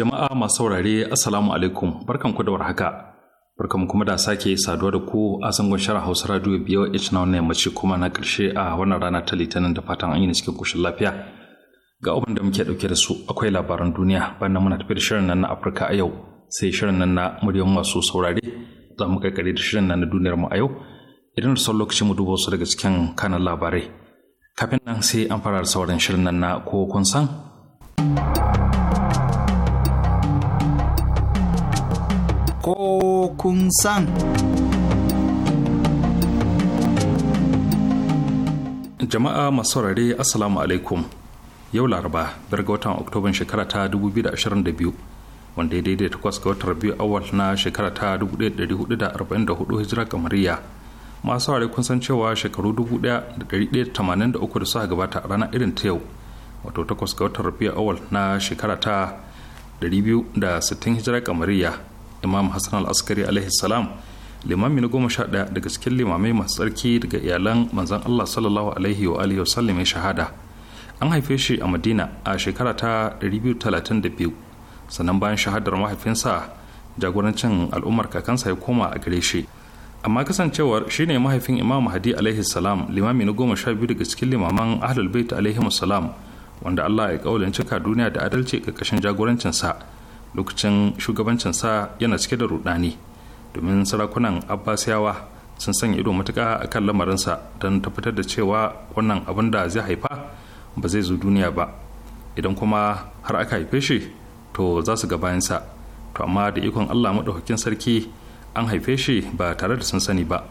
Jama'a masu saurare Assalamu alaikum barkan ku da warhaka. barkan kuma da sake saduwa da ku a zangon shara Hausa Radio biyo H na wannan yammaci kuma na karshe a wannan rana ta Litinin da fatan an yi cikin koshin lafiya. Ga abin da muke dauke da su akwai labaran duniya bayan muna tafi da shirin nan na Afirka a yau sai shirin nan na muryan masu saurare za mu karkare da shirin nan na duniyar mu a yau idan da son lokaci mu duba su daga cikin kanan labarai kafin nan sai an fara da sauran shirin nan na ko kun san. ko kun san. Jama'a masu saurare Assalamu alaikum yau Laraba biyar ga watan Oktoban shekara ta 2022 wanda ya daidai takwas ga watan biyu awal na shekara ta 1444 hijira kamariya masu saurare kun san cewa shekaru 1183 da suka gabata a ranar irin ta yau wato takwas ga watan rabiu awal na shekara ta 260 hijira kamariya imam hassan al-askari alaihi salam limami na goma sha ɗaya daga cikin limamai masu tsarki daga iyalan manzan allah sallallahu alaihi wa alihi wasallam ya shahada an haife shi a madina a shekara ta 232 sannan bayan shahadar mahaifinsa jagorancin al'ummar kakansa ya koma a gare shi amma kasancewar shine mahaifin imam hadi alaihi salam limami na goma sha biyu daga cikin limaman ahlul bait alaihi salam wanda allah ya kaulin cika duniya da adalci ƙarƙashin jagorancinsa lokacin shugabancin sa yana cike da rudani domin sarakunan abbasiyawa sun sanya ido matuka a kan lamarinsa don tabbatar da cewa wannan abin da zai haifa ba zai zo duniya ba idan kuma har aka haife shi to za su ga to amma da ikon allah maɗaukakin sarki an haife shi ba tare da sun sani ba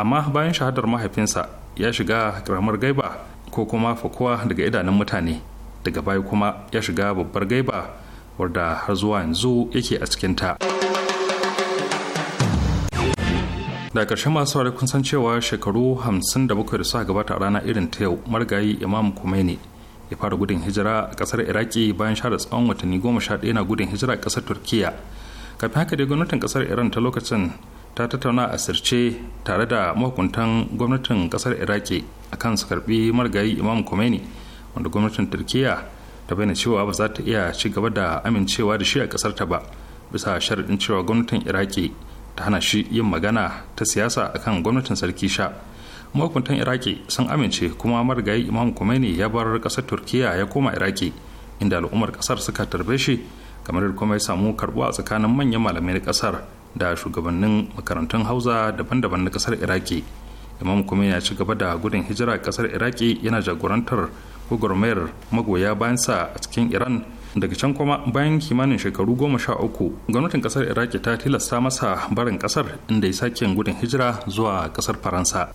amma bayan shahadar mahaifinsa ya shiga ƙaramar gaiba ko kuma fakowa daga idanun mutane daga baya kuma ya shiga babbar gaiba wadda har zuwa yanzu yake a cikinta. da ƙarshe masu saurari kun san cewa shekaru 57 da suka gabata a rana irin ta yau marigayi imam Khomeini ya fara gudun hijira a ƙasar iraki bayan share tsawon watanni goma sha ɗaya na gudun hijira a ƙasar turkiya kafin haka dai gwamnatin ƙasar iran ta lokacin ta tattauna a sirce tare da mahukuntan gwamnatin ƙasar iraki akan su karbi marigayi imam Khomeini wanda gwamnatin turkiya ta bayyana cewa ba za ta iya ci gaba da amincewa da shi a kasar ta ba bisa sharaɗin cewa gwamnatin iraki ta hana shi yin magana ta siyasa akan gwamnatin sarki sha mahukuntan iraki sun amince kuma marigayi imam kumaini ya bar kasar turkiya ya koma iraki inda al'ummar kasar suka tarbe shi kamar kuma ya samu karbuwa tsakanin manyan malamai na kasar da shugabannin makarantun hausa daban-daban na kasar iraki imam kumaini ya ci gaba da gudun hijira kasar iraki yana jagorantar gugurmayar magoya bayan sa a cikin iran daga can kuma bayan kimanin shekaru goma sha uku gwamnatin kasar iraki ta tilasta masa barin kasar inda ya sake gudun hijira zuwa kasar faransa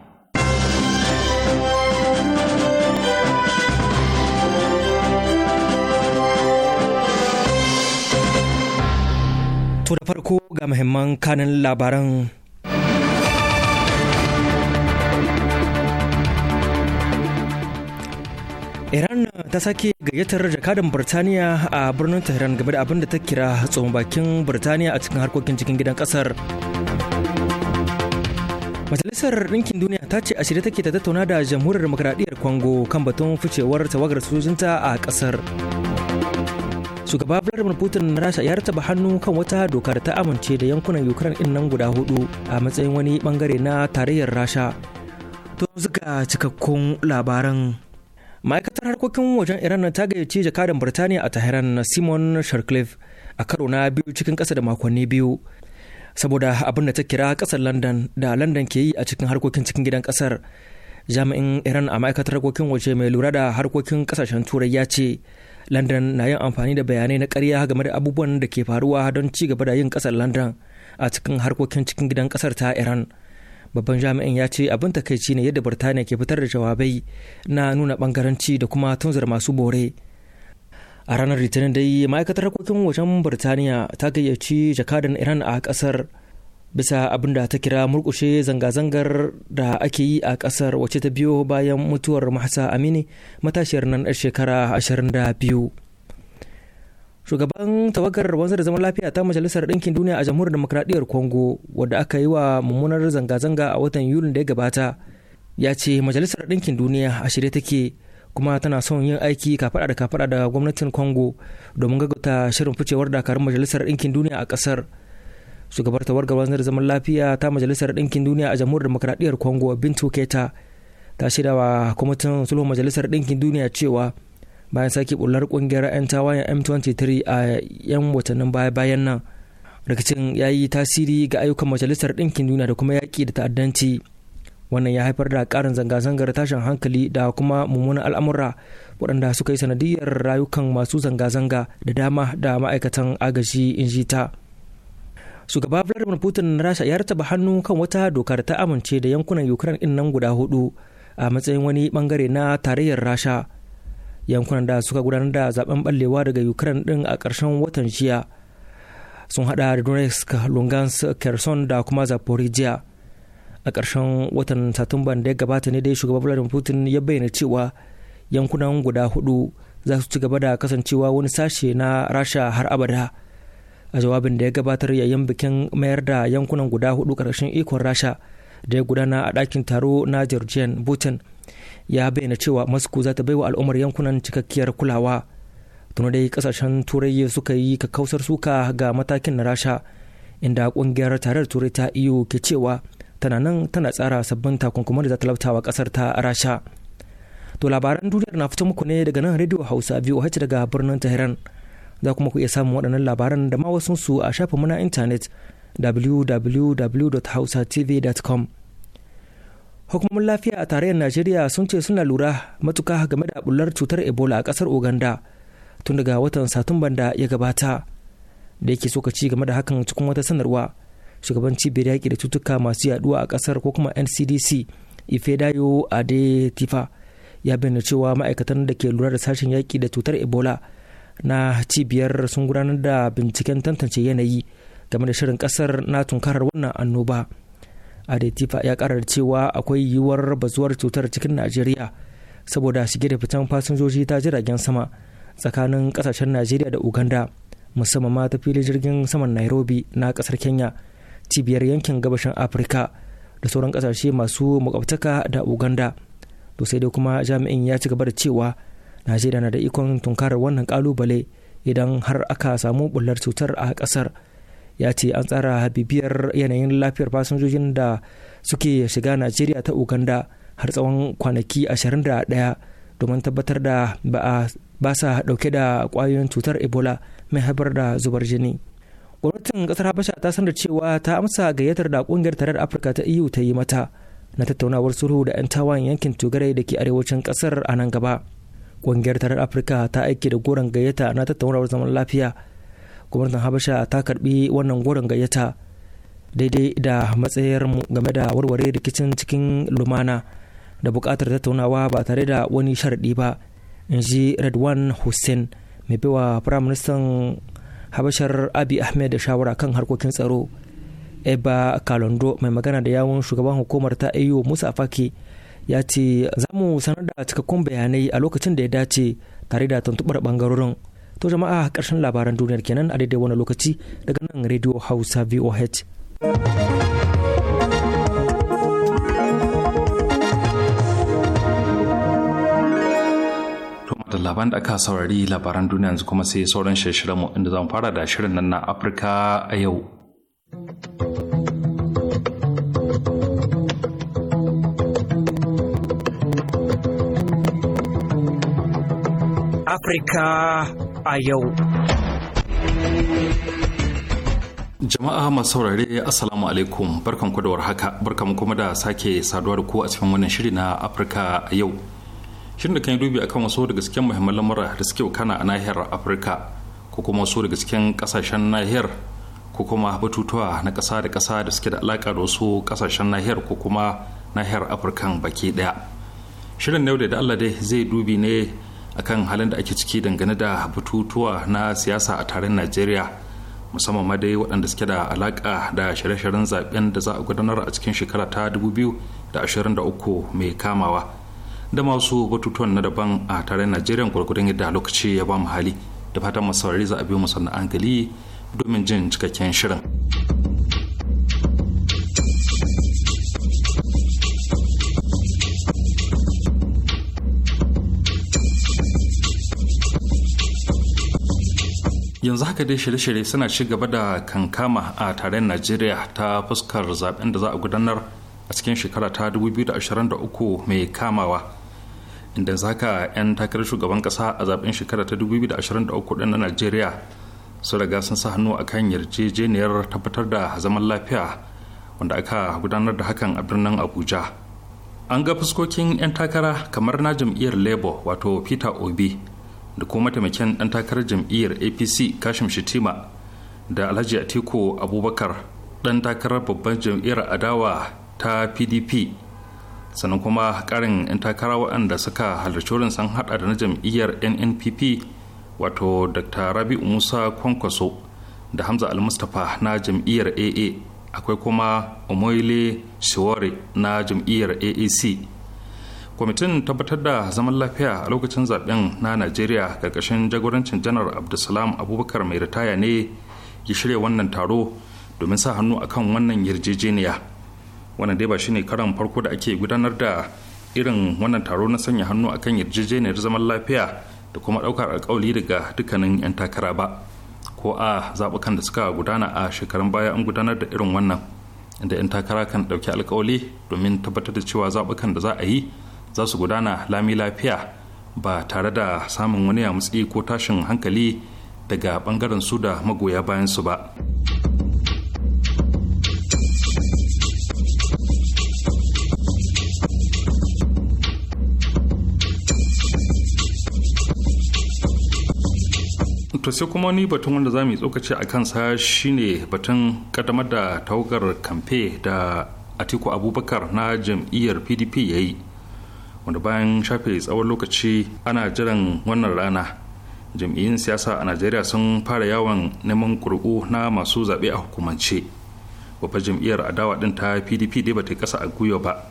To da farko ga muhimman kanin labaran. Iran ta sake gayyatar jakadan Birtaniya a birnin Tehran game da abin da ta kira tsohon bakin Birtaniya a cikin harkokin cikin gidan kasar. Majalisar Ɗinkin Duniya ta ce a shirye take ta tattauna da Jamhuriyar Demokradiyyar Congo kan batun ficewar tawagar sojojinta a kasar. shugaba vladimir putin na rasha ya rataba hannu kan wata doka da ta amince da yankunan ukraine din nan guda hudu a matsayin wani bangare na tarayyar rasha to zuga cikakkun labaran ma'aikatar harkokin wajen iran ta gayyaci jakadan birtaniya a tahiran simon sharcliffe a karo na biyu cikin kasa da makonni biyu saboda abin da ta kira kasar london da london ke yi a cikin harkokin cikin gidan kasar jami'in iran a ma'aikatar harkokin waje mai lura da harkokin kasashen turai ya ce london na yin amfani da bayanai na karya game da abubuwan da ke faruwa don ci gaba da yin ƙasar london a cikin harkokin cikin gidan kasar ta iran babban jami'in ya ce abin takaici ne yadda birtaniya ke fitar da jawabai na nuna bangaranci da kuma tunzar masu bore a ranar litinin dai ma'aikatar harkokin wajen birtaniya ta gayyaci jakadan iran a ƙasar bisa abin da ta kira murkushe zanga-zangar da ake yi a kasar wace ta biyo bayan mutuwar mahsa amini matashiyar nan yar shekara 22 shugaban tawagar wanzar da zaman lafiya ta majalisar ɗinkin duniya a jamhuriyar demokradiyyar congo wadda aka yi wa mummunar zanga-zanga a watan yuli da ya gabata ya ce majalisar ɗinkin duniya a shirye take kuma tana son yin aiki kafaɗa da kafaɗa da gwamnatin congo domin gaggauta shirin ficewar dakarun majalisar ɗinkin duniya a ƙasar shugabar tawagar wanzar zaman lafiya ta majalisar ɗinkin duniya a jamhuriyar demokradiyyar congo bintu keta ta shirya wa kwamitin sulhun majalisar ɗinkin duniya cewa bayan sake bullar kungiyar 'yan tawayan m23 a 'yan watannin baya-bayan nan rikicin ya yi tasiri ga ayyukan majalisar ɗinkin duniya da kuma yaƙi da ta'addanci wannan ya haifar da ƙarin zanga-zangar tashin hankali da kuma mummunan al'amura waɗanda suka yi sanadiyar rayukan masu zanga-zanga da dama da ma'aikatan agaji in ta. shugaba vladimir putin na rasha ya rataba hannu kan wata dokar ta amince da yankunan ukraine din nan guda hudu a matsayin wani bangare na tarayyar rasha yankunan da suka gudanar da zaben ballewa daga ukraine din a karshen watan jiya sun hada da donetsk lugansk kherson da kuma zaporizhia a karshen watan satumban da ya gabata ne dai shugaba vladimir putin ya bayyana cewa yankunan guda hudu za su ci gaba da kasancewa wani sashe na rasha har abada a jawabin da ya gabatar yayin bikin mayar da yankunan guda hudu karshen ikon rasha da ya gudana a ɗakin taro na georgian putin ya bayyana cewa moscow za ta baiwa al'ummar yankunan cikakkiyar kulawa tuni dai kasashen turai suka yi kakkausar suka ga matakin na rasha inda kungiyar tarar turai ta iyo e ke cewa tana nan tana tsara sabbin takunkumar da za ta wa kasar ta rasha to labaran duniyar na fito muku ne daga nan radio hausa voh daga birnin tehran za kuma ku iya samun waɗannan labaran da ma wasu su a shafin na intanet www.hausatv.com hukumomin lafiya a tarayyar najeriya sun ce suna lura matuka game da bular cutar ebola a kasar uganda tun daga watan satumban da ya gabata da yake soka ci game da hakan cikin wata sanarwa shugaban cibiyar yaƙi da cutuka masu yaduwa a ƙasar ko kuma ncdc ifedayo adetifa ya bayyana cewa ma'aikatan da ke lura da sashen yaƙi da cutar ebola na cibiyar sun gudanar da binciken tantance yanayi game da shirin kasar na tunkarar wannan annoba adetifa ya karar cewa akwai yiwuwar bazuwar cutar cikin najeriya saboda shige da fitan fasinjoji ta jiragen sama tsakanin kasashen najeriya da uganda musamman ma ta filin jirgin saman nairobi na kasar kenya cibiyar yankin gabashin afirka da sauran kasashe masu makwabtaka da uganda to sai dai kuma jami'in ya ci gaba da cewa najeriya na da ikon tunkarar wannan kalubale idan har aka samu bullar cutar a kasar ya ce an tsara bibiyar yanayin lafiyar fasinjojin da suke shiga najeriya ta uganda har tsawon kwanaki 21 domin tabbatar da ba sa dauke da kwayoyin cutar ebola mai haifar da zubar jini gwamnatin kasar habasha ta sanar cewa ta amsa gayyatar da kungiyar tarar afirka ta iyu e ta yi mata na tattaunawar sulhu da 'yan tawayen yankin tugare da ke arewacin kasar a nan gaba ƙungiyar tarar afirka ta aiki da goron gayyata na tattaunawar zaman lafiya gwamnatin habasha ta karbi wannan goron gayyata daidai da matsayar mu game da warware rikicin cikin lumana da buƙatar tattaunawa ba tare da wani sharaɗi ba in ji redwan hussein mai baiwa ministan habashar abi ahmed da shawara kan harkokin tsaro eba kalondo mai magana da yawun shugaban hukumar ta ayo musa afaki ya ce za mu sanar da cikakkun bayanai a lokacin da ya dace tare da tuntuɓar bangarorin to jama'a ƙarshen labaran duniyar kenan a daidai wani lokaci daga nan radio hausa voh da labaran da aka saurari labaran duniya yanzu kuma sai sauran shirye-shiryenmu inda zan fara da shirin nan na afirka a yau Afirka a yau. Jama'a masu saurare Assalamu alaikum barkan ku da warhaka barkan kuma da sake saduwa da ku a cikin wannan shiri na Afirka a yau. Shirin da kan yi dubi a kan wasu daga cikin muhimman lamura da suke wakana a nahiyar Afirka ko kuma wasu daga cikin kasashen nahiyar ko kuma batutuwa na ƙasa da ƙasa da suke da alaƙa da wasu ƙasashen nahiyar ko kuma nahiyar afirka baki ɗaya shirin yau da allah dai zai dubi ne akan halin da ake ciki dangane da batutuwa na siyasa a taron najeriya musamman ma dai waɗanda suke da alaƙa da shirye-shiryen zaben da za a gudanar a cikin shekara ta 2023 mai kamawa da masu batutuwan na daban a taron najeriya gwargwadon yadda lokaci ya ba mu hali da fatan masu za a biyo mu sannan hankali domin jin cikakken shirin. yanzu haka dai shirye-shirye suna ci gaba da kankama a tarayyar najeriya ta fuskar zaben da za a gudanar a cikin shekara ta 2023 mai kamawa inda zaka 'yan takarar shugaban kasa a zaben shekara ta 2023 din na najeriya su riga sun sa hannu a kan yarjejeniyar tabbatar da zaman lafiya wanda aka gudanar da hakan a birnin abuja an ga fuskokin 'yan takara kamar na jam'iyyar labour wato peter obi da kuma mataimakin ɗan takarar jam'iyyar apc kashim shitima da alhaji atiku abubakar ɗan takarar babban jam'iyyar adawa ta pdp sannan kuma karin 'yan takara waɗanda suka halarci wurin sun haɗa da na jam'iyyar nnpp wato dr rabi'u musa kwankwaso da hamza almustapha na jam'iyyar aa akwai kuma omoile shiwore na jam'iyyar aac kwamitin tabbatar da zaman lafiya a lokacin zaɓen na najeriya karkashin jagorancin janar abdulsalam abubakar mai ritaya ne ya shirya wannan taro domin sa hannu akan wannan yarjejeniya wannan dai ba shine karan farko da ake gudanar da irin wannan taro na sanya hannu akan yarjejeniyar zaman lafiya da kuma ɗaukar alkawali daga dukkanin 'yan takara ba ko a zaɓukan da suka gudana a shekarun baya an gudanar da irin wannan inda 'yan takara kan ɗauki alkawali domin tabbatar da cewa zaɓukan da za a yi za su gudana lami lafiya ba tare da samun wani yamutsi ko tashin hankali daga bangaren su da magoya bayan su ba. to sai kuma wani batun wanda za mu yi tsokaci a kansa shine batun kaddamar da tawagar kamfe da atiku abubakar na jam'iyyar pdp ya yi wanda bayan shafe tsawon lokaci ana jiran wannan rana jam'iyyun siyasa a najeriya sun fara yawon neman ƙuri'u na masu zaɓe a hukumance babbar jam'iyyar adawa ɗin ta pdp dai ba ta ƙasa a gwiwa ba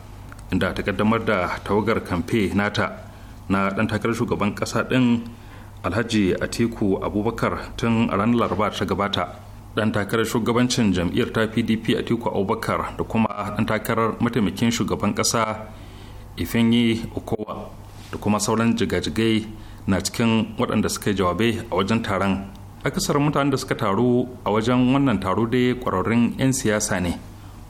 inda ta kaddamar da tawagar kamfe nata na ɗan takarar shugaban ƙasa ɗin alhaji atiku abubakar tun a ranar laraba ta gabata ɗan takarar shugabancin jam'iyyar ta pdp atiku abubakar da kuma ɗan takarar mataimakin shugaban ƙasa. ifenyi okowa da kuma sauran jigajigai na cikin waɗanda suka yi jawabai a wajen taron akasar mutanen da suka taru a wajen wannan taro dai kwararrun 'yan siyasa ne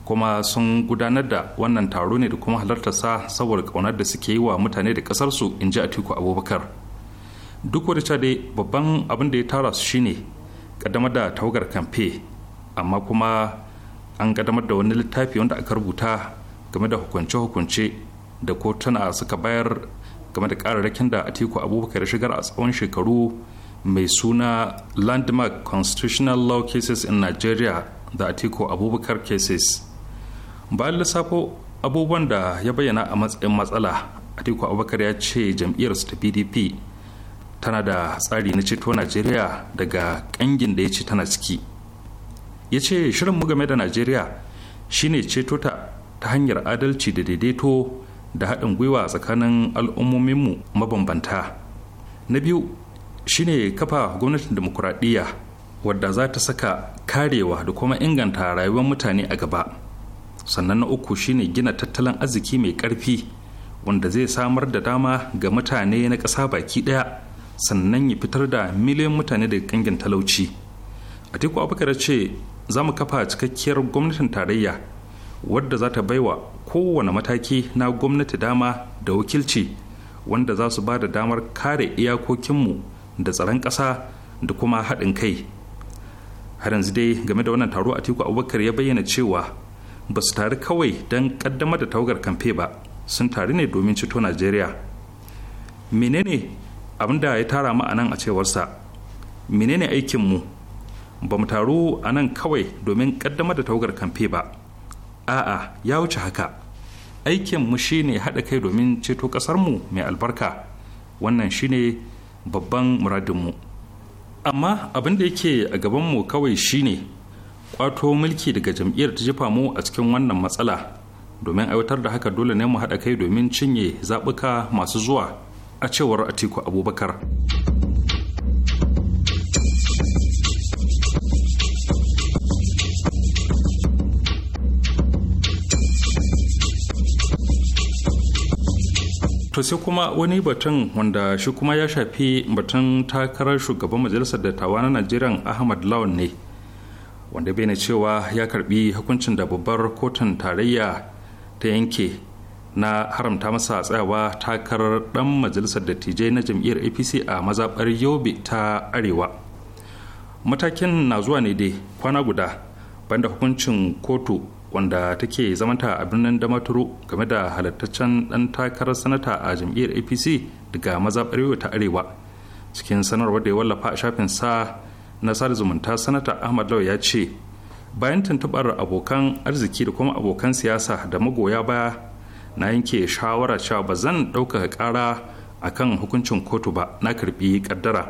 kuma sun gudanar da wannan taro ne da kuma sa saboda kaunar da suke yi wa mutane da su in ji atiku abubakar duk wani dai babban abin da ya tara su shine ƙaddamar da tawagar kamfe amma kuma an ƙaddamar da wani littafi wanda aka rubuta game da hukunce-hukunce da kotuna suka bayar game da kararrakin da atiku abubakar shigar a tsawon shekaru mai suna landmark constitutional law cases in nigeria da atiku abubakar cases bayan lissafo abubuwan da ya bayyana a matsayin matsala atiku abubakar ya ce jam'iyyarsu ta pdp tana da tsari na ceto nigeria daga kangin da ya ce tana ciki ya ce shirin mu game da najeriya shine ceto ta hanyar adalci da daidaito da haɗin gwiwa tsakanin al'ummominmu mabambanta na biyu shine kafa gwamnatin demokuraɗiyya wadda za ta saka karewa da kuma inganta rayuwar mutane a gaba sannan na uku shine gina tattalin arziki mai ƙarfi wanda zai samar da dama ga mutane na ƙasa baki ɗaya sannan ya fitar da miliyan mutane daga ƙangin talauci a abubakar ce za mu kafa cikakkiyar gwamnatin tarayya wadda za ta baiwa kowane mataki na gwamnati dama da wakilci wanda za su ba da damar kare iyakokinmu da tsaron ƙasa da kuma haɗin kai har yanzu dai game da wannan taro a tiku abubakar ya bayyana cewa ba su taru kawai don ƙaddamar da taugar kamfe ba sun taru ne domin ceto najeriya menene abin da ya tara mu a nan a cewarsa menene aikinmu ba mu taru a nan kawai domin ƙaddamar da taugar kamfe ba a'a ya wuce haka aikin mu shine haɗa kai domin ceto ƙasarmu mai albarka wannan shine babban muradinmu amma abin da yake a gabanmu kawai shine ƙwato mulki daga jam'iyyar ta jefa mu a cikin wannan matsala domin aiwatar da haka dole ne mu haɗa kai domin cinye zaɓuka masu zuwa a cewar atiku abubakar. to sai kuma wani batun wanda shi kuma ya shafi batun takarar shugaban majalisar dattawa na najeriya ahmad lawan ne wanda bai na cewa ya karbi hukuncin da babbar kotun tarayya ta yanke na haramta masa tsayawa takarar dan majalisar dattijai na jam'iyyar apc a mazaɓar yobe ta arewa matakin na zuwa ne dai kwana guda banda hukuncin kotu wanda take zamanta a birnin damaturu game da halittaccen ɗan takarar sanata a jam'iyyar apc daga mazaɓar yau ta arewa cikin sanarwar da ya wallafa a shafin sa na sada zumunta sanata ahmad lau ya ce bayan tuntuɓar abokan arziki da kuma abokan siyasa da magoya baya na yanke shawara cewa ba zan ɗaukaka ƙara a kan hukuncin kotu ba na karɓi ƙaddara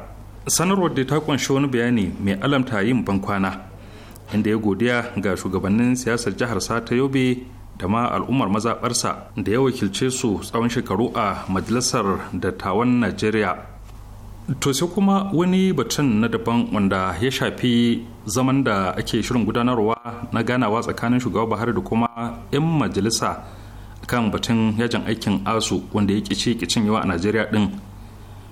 sanarwar da ta ƙunshi wani bayani mai alamta yin bankwana inda ya godiya ga shugabannin siyasar jihar ta yobe da ma al'ummar mazaɓarsa da ya wakilce su tsawon shekaru a majalisar dattawan najeriya to sai kuma wani batun na daban wanda ya shafi zaman da ake shirin gudanarwa na ganawa tsakanin shugaba buhari da kuma 'yan majalisa kan batun yajin aikin asu wanda ya ƙici ƙicin yawa a najeriya ɗin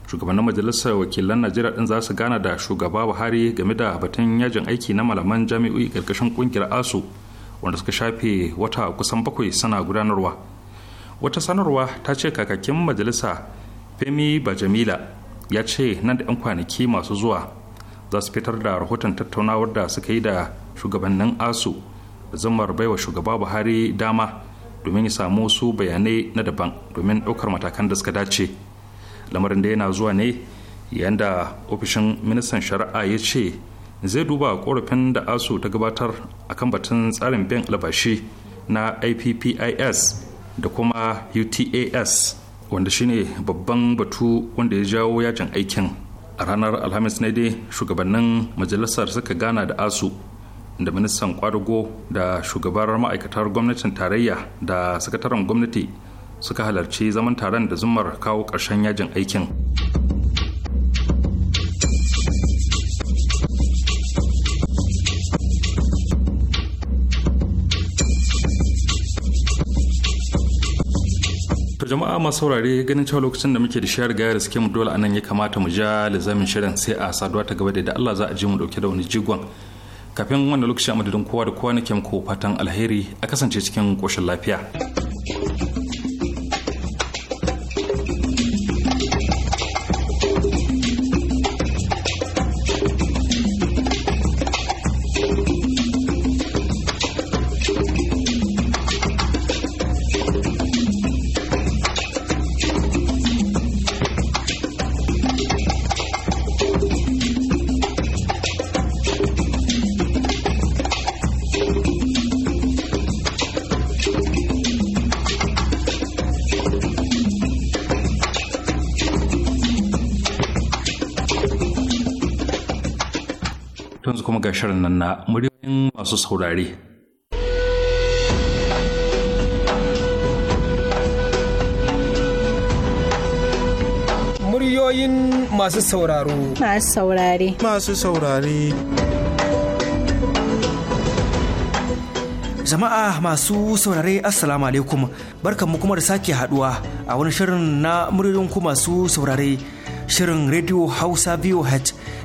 shugabannin majalisar wakilan najeriya din za su gana da shugaba buhari game da batun yajin aiki na malaman jami'o'i karkashin kungiyar asu wanda suka shafe wata kusan bakwai suna gudanarwa wata sanarwa ta ce kakakin majalisa femi bajamila ya ce nan da 'yan kwanaki masu zuwa za su fitar da rahoton tattaunawar da suka yi da shugabannin asu da bai baiwa shugaba buhari dama domin ya samu su bayanai na daban domin ɗaukar matakan da suka dace. lamarin da yana zuwa ne yadda ofishin ministan shari'a ya ce zai duba korafin da asu ta gabatar a kan batun tsarin biyan albashi na ippis da kuma utas wanda shine babban batu wanda ya jawo yajin aikin a ranar alhamis ne dai shugabannin majalisar suka gana da asu da ministan kwadugo da shugabar ma'aikatar gwamnatin tarayya da sakataren gwamnati suka halarci zaman taron da zumar kawo ƙarshen yajin aikin jama'a masu saurare ganin cewa lokacin da muke da shayar gaya da suke mu dole anan ya kamata mu ja lizamin shirin sai a saduwa ta gaba da Allah za a ji mu dauke da wani jigon kafin wannan lokacin a madadin kowa da kowa nake muku fatan alheri a kasance cikin koshin lafiya. yanzu kuma ga shirin nan na muryoyin masu saurare. Muryoyin masu sauraro. Masu saurare. Masu saurare. Jama'a masu saurare Assalamu alaikum barkanmu kuma da sake haduwa a wani shirin na muryoyin ku masu saurare shirin Radio Hausa VOH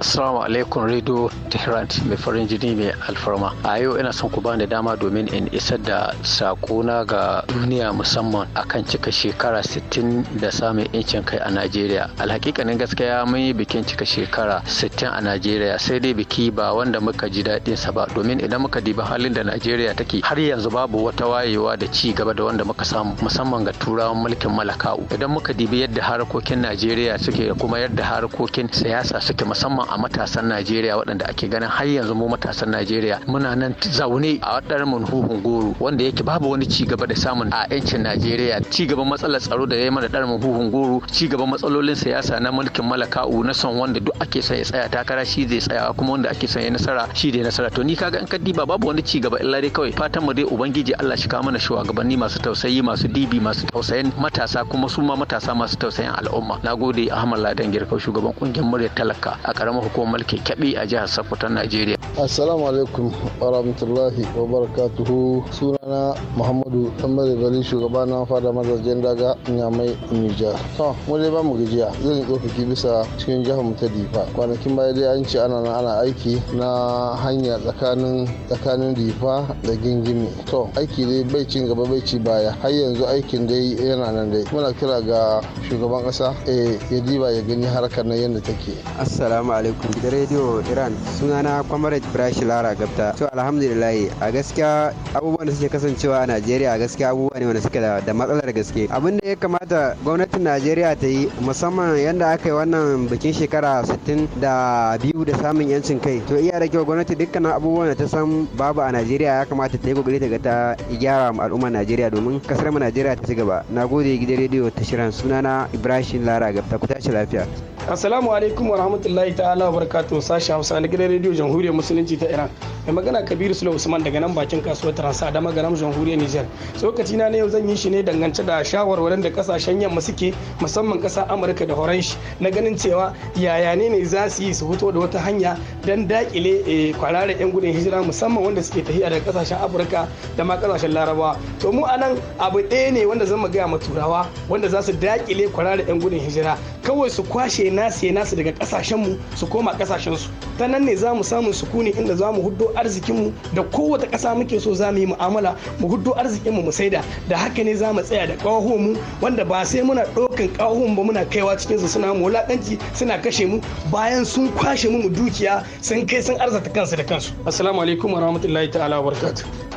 Assalamu alaikum Radio Tehran mai farin jini mai alfarma. A yau ina son ku bani dama domin in isar da sakona ga duniya musamman akan cika shekara 60 da samun incin kai a Najeriya. Alhakikanin gaskiya mun yi bikin cika shekara 60 a Najeriya sai dai biki ba wanda muka ji daɗin sa ba domin idan muka diba halin da Najeriya take har yanzu babu wata wayewa da ci gaba da wanda muka samu musamman ga turawan mulkin malakau. Idan muka dibi yadda harkokin Najeriya suke kuma yadda harkokin siyasa suke musamman a matasan Najeriya waɗanda ake ganin har yanzu mu matasan Najeriya muna nan zaune a wadar mun huhun goro wanda yake babu wani ci gaba da samun a yancin Najeriya ci gaban matsalar tsaro da ya mana dar mun huhun goro ci gaban matsalolin siyasa na mulkin u na son wanda duk ake son ya tsaya takara shi zai tsaya kuma wanda ake son ya nasara shi dai nasara to ni kaga in ka diba babu wani ci gaba illa dai kawai fatan mu dai ubangiji Allah shi kawo mana shugabanni masu tausayi masu dibi masu tausayin matasa kuma su ma matasa masu tausayin al'umma nagode Ahmad Ladan Girka shugaban kungiyar murya talaka a karamar karamar hukumar kekebe a jihar Sokoto Najeriya. Assalamu alaikum wa rahmatullahi wa barakatuhu sunana Muhammadu Tambari Bali shugaba na fada mazajen daga Nyamai nija To mu dai ba mu gajiya zan yi tsofaki bisa cikin jihar mu ta Difa. Kwanakin baya dai an ce ana nan ana aiki na hanya tsakanin tsakanin Difa da Gingimi. To aiki dai bai cin gaba bai ci baya har yanzu aikin dai yana nan dai. Muna kira ga shugaban kasa eh ya diba ya gani harkar nan yadda take. Assalamu alaikum alaikum da radio iran sunana comrade brashi lara gabta to alhamdulillah a gaskiya abubuwan da suke kasancewa a najeriya a gaskiya abubuwa ne wanda suke da matsalar gaske abin da ya kamata gwamnatin najeriya ta yi musamman yadda aka yi wannan bikin shekara 62 da biyu da samun yancin kai to iya da kyau gwamnati dukkanin abubuwan da ta san babu a najeriya ya kamata ta yi kokari ta ga ta gyara al'ummar najeriya domin kasar mu najeriya ta ci gaba na gode gidan radio ta shirin sunana ibrahim lara gabta ku tashi lafiya assalamu alaikum wa rahmatullahi ta'ala ta'ala wa sashi Hausa na gidan rediyo Jamhuriyar Musulunci ta Iran. Mai magana Kabiru Sule Usman daga nan bakin kasuwar Transa da magaram Jamhuriyar Nijar. Tsokaci na yau zan yi shi ne dangance da shawarwarin da kasashen yamma suke musamman kasa Amurka da Horanshi na ganin cewa yaya ne ne za su yi su fito da wata hanya don dakile eh, kwararren 'yan gudun hijira musamman wanda suke tafiya daga kasashen Afirka da ma kasashen Larabawa. To mu anan abu ɗaya ne wanda zan gaya ma turawa wanda za su dakile kwararren 'yan gudun hijira kawai su kwashe nasu nasu daga kasashen mu su koma kasashen su ta nan ne za mu samu sukuni inda za mu huddo arzikinmu da kowace kasa muke so za mu yi mu'amala mu huddo arzikinmu mu saida da haka ne za mu tsaya da mu wanda ba sai muna ɗaukan ƙahon ba muna kaiwa cikinsu suna mu wulaƙanci suna kashe mu bayan sun kwashe mu dukiya sun kai sun arzata kansu da kansu assalamu alaikum warahmatullahi ta'ala wa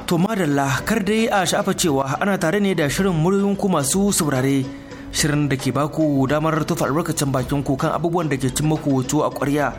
to madalla kar dai a sha'afa cewa ana tare ne da shirin muryoyin ku masu saurare shirin da ke baku damar tufa albarkacin bakin kukan abubuwan da ke cin maku wuto a ƙwarya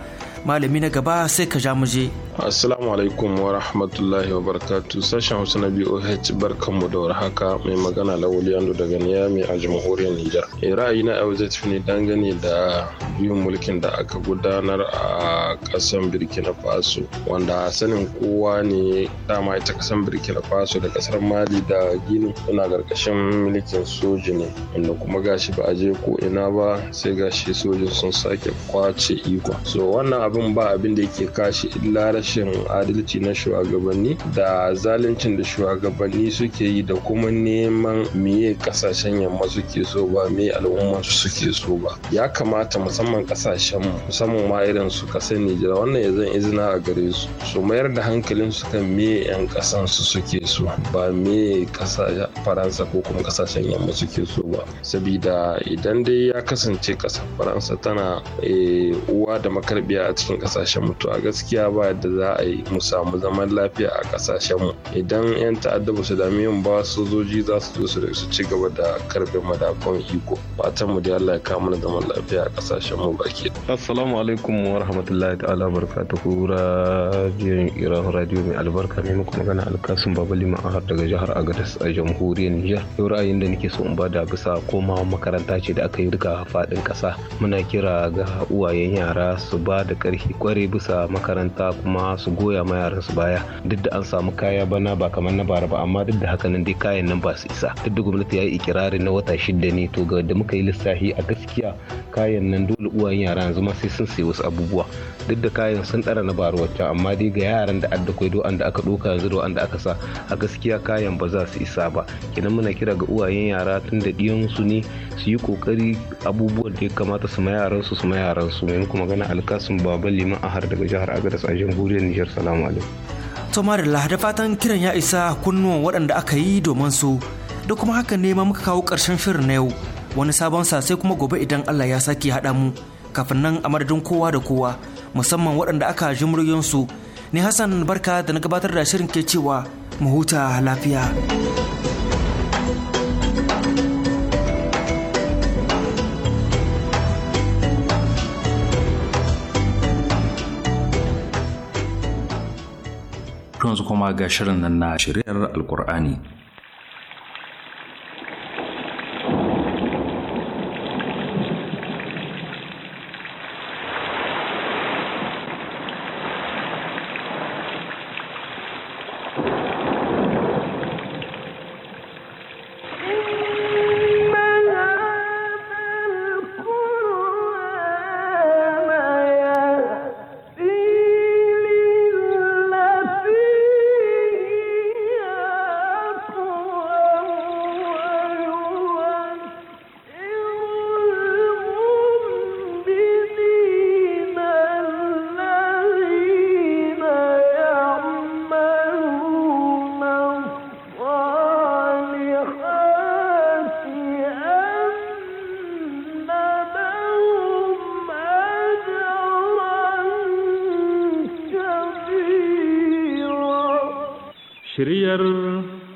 malami na gaba sai ka ja muje. Assalamu alaikum wa rahmatullahi wa barakatu sashen Hausa na BOH barkanmu da warhaka mai magana Lawali Ando daga Niyami a jamhuriyar Nijar. Eh, na yau zai tafi ne dangane da biyun mulkin da aka gudanar a kasan Burkina Faso wanda sanin kowa ne dama ita kasan Burkina Faso da kasar Mali da Gini suna karkashin mulkin soji ne wanda kuma gashi ba a je ko ina ba sai gashi sojin sun sake kwace iko. So wannan abin ba abin da yake kashi illa rashin adalci na shugabanni da zaluncin da shugabanni suke yi da kuma neman miye kasashen yamma suke so ba me al'umma suke so ba ya kamata musamman kasashen musamman ma irin su kasa Nijar wannan ya zan izina a gare su su mayar da hankalin su kan me yan kasan su suke so ba me kasashen Faransa ko kuma kasashen yamma suke so ba sabida idan dai ya kasance kasar Faransa tana eh, uwa da makarbiya a cikin kasashen mutu a gaskiya ba yadda za a yi mu samu zaman lafiya a ƙasashenmu idan 'yan ta'adda ba su dami yin ba sojoji za su zo su ci gaba da karfe madafun iko fatan mu da Allah ya kawo mana zaman lafiya a ƙasashen mu baki assalamu alaikum wa rahmatullahi ta'ala barakatuhu radiyon iran radio mai albarka ne muku magana alkasun Babalima liman har daga jihar agadas a jamhuriyar niger yau ra'ayin da nake so in bada bisa komawa makaranta ce da aka yi duka faɗin ƙasa muna kira ga uwayen yara su ba da ƙarfi kware bisa makaranta kuma su goya ma yaran su baya duk da an samu kaya bana ba kamar na bara ba amma duk da haka nan dai kayan nan ba su isa duk da gwamnati ya yi ikirarin na wata shida ne to ga da muka yi lissafi a gaskiya kayan nan dole uwayen yara yanzu ma sai sun sayi wasu abubuwa duk da kayan sun ɗara na bara wacce amma dai ga yaran da adda kwaido an da aka ɗauka yanzu da wanda aka sa a gaskiya kayan ba za su isa ba kenan muna kira ga uwayen yara tun da su ne su yi kokari abubuwan da ya kamata su ma yaran su su ma yaran su yanzu kuma gana alkasun baba liman ahar daga jihar agadas a jamhuriyar jamhuriyar Nijar salamu alaikum. da fatan kiran ya isa kunnuwan waɗanda aka yi domin su da kuma haka ne ma muka kawo ƙarshen shirin na yau wani sabon sa sai kuma gobe idan Allah ya sake haɗa mu kafin nan a madadin kowa da kowa musamman waɗanda aka ji muryoyinsu ne Hassan barka da na gabatar da shirin ke cewa mu huta lafiya. yanzu kuma ga shirin nan na shirin alkur'ani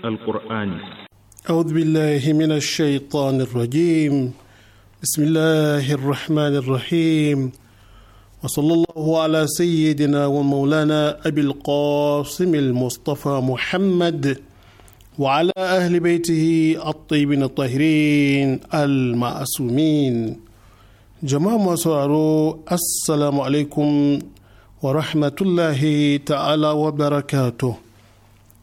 القرآن أعوذ بالله من الشيطان الرجيم بسم الله الرحمن الرحيم وصلى الله على سيدنا ومولانا أبي القاسم المصطفى محمد وعلى أهل بيته الطيبين الطاهرين المعصومين جماعة masu السلام عليكم ورحمة الله تعالى وبركاته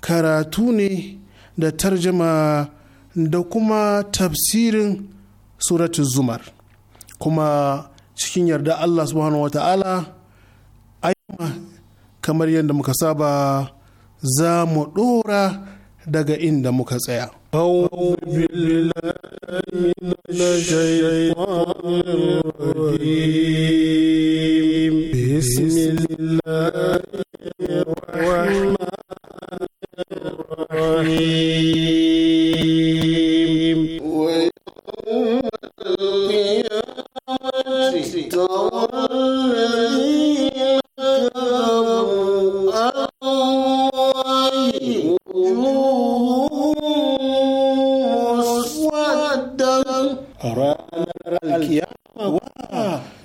karatu ne da tarjama da kuma tafsirin suratul zumar kuma cikin yarda Allah subhanahu wata'ala ayyuma kamar yadda muka saba za mu ɗora daga inda muka tsaya بسم الله الرحيم ويوم القيامة ترى الذين كفروا الله وجوههم مسودة ranar alkiyama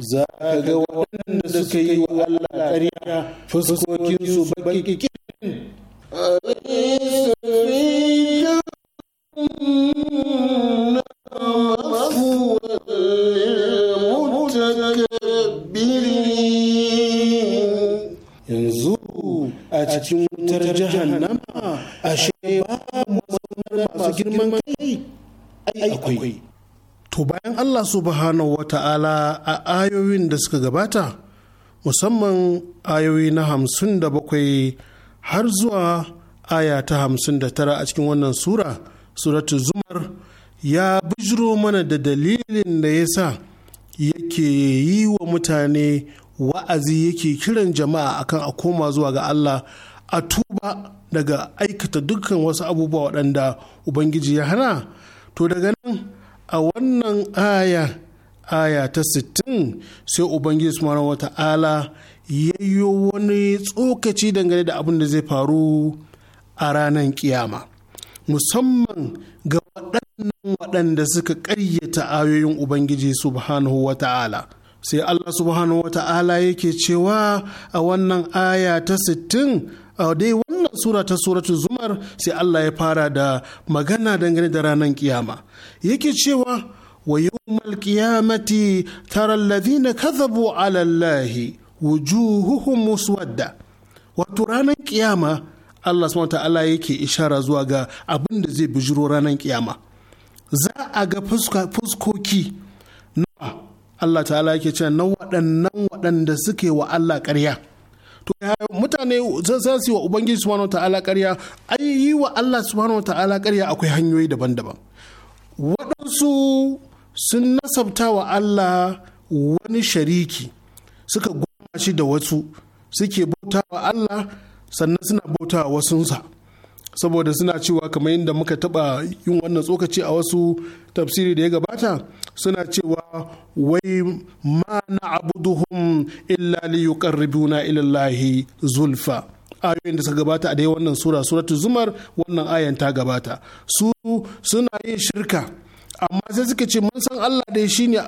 za ka ga waɗanda suka yi wa Allah ƙarya fuskokinsu baki kirin yanzu a cikin wutar jahannama ashe babu masu girman kai ai akwai to bayan Allah subhanahu wata'ala a ayoyin da suka gabata musamman ayoyi na hamsin da bakwai har zuwa aya ta hamsin da tara a cikin wannan sura suratu zumar ya bijiro mana da dalilin da ya sa yake yi wa mutane wa'azi yake kiran jama'a akan a koma zuwa ga Allah a tuba daga aikata dukkan wasu abubuwa waɗanda Ubangiji ya hana to daga nan a wannan aya aya ta sittin, sai Ubangiji subhanahu wata'ala yayyo wani tsokaci dangane da abin da zai faru a ranar kiyama musamman ga waɗannan waɗanda suka ƙayyata ayoyin ubangiji subhanahu wa ta'ala sai allah subhanahu wa ta'ala yake cewa a wannan aya ta sittin a dai wannan sura ta suratu zumar sai allah ya fara da magana dangane da ranar kiyama yake cewa wa yawmal qiyamati tara alladhina kadhabu ala allahi wujuhuhum muswadda wato ranar kiyama Allah subhanahu ta'ala yake ishara zuwa ga abin da zai bijiro ranar kiyama za a ga fuskoki Nawa Allah ta'ala yake cewa na waɗannan waɗanda suke wa Allah ƙarya to mutane za su yi wa ubangiji subhanahu ta'ala ƙarya ai yi wa Allah subhanahu ta'ala ƙarya akwai hanyoyi daban-daban waɗansu sun nasabta wa Allah wani shariki suka goma shi da wasu suke bauta wa Allah sannan suna bauta wasunsa saboda suna cewa kamar yadda muka taba yin wannan tsokaci a wasu tafsiri da ya gabata suna cewa wai ma na abuduhum illa li yuqarribuna ila Allahi zulfa ayoyin da suka gabata a dai wannan sura suratul zumar wannan ayan ta gabata su suna yin shirka amma sai suka ce mun san Allah dai ne ya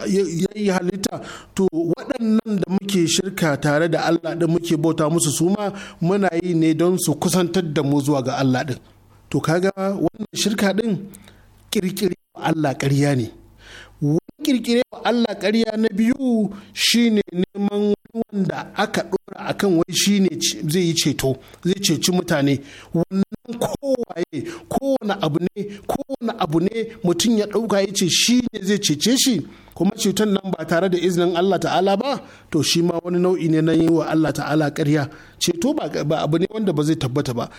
yi halitta to waɗannan da muke shirka tare da Allah da muke bauta musu suma muna yi ne don su kusantar da mu zuwa ga Allah din to kaga wannan shirka din kirkiri Allah ƙarya ne kirkire wa Allah ƙarya na biyu shine neman wanda aka ɗora akan wai shine zai yi ceto zai ceci mutane wannan kowaye kowane abu ne kowane abu ne mutum ya ɗauka ya ce shi zai cece shi kuma ceton nan ba tare da izinin Allah ta'ala ba to shi ma wani nau'i ne na yi wa Allah ta'ala ƙarya ceto ba abu ne wanda ba zai tabbata ba